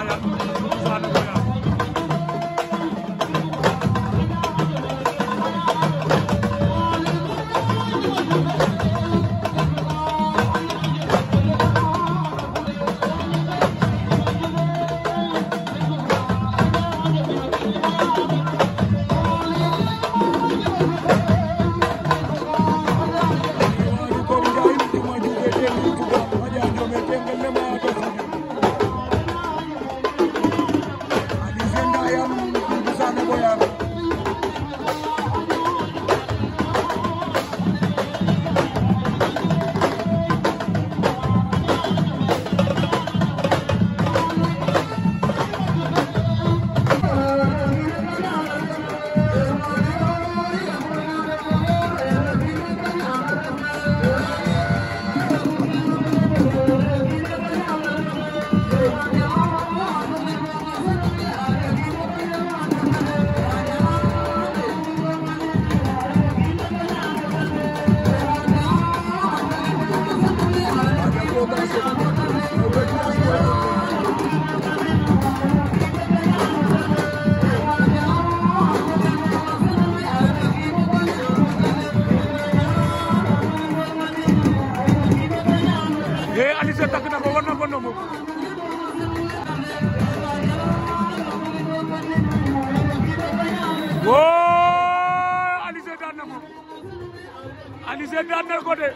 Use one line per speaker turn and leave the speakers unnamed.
Thank you.
Alizé daan na ko de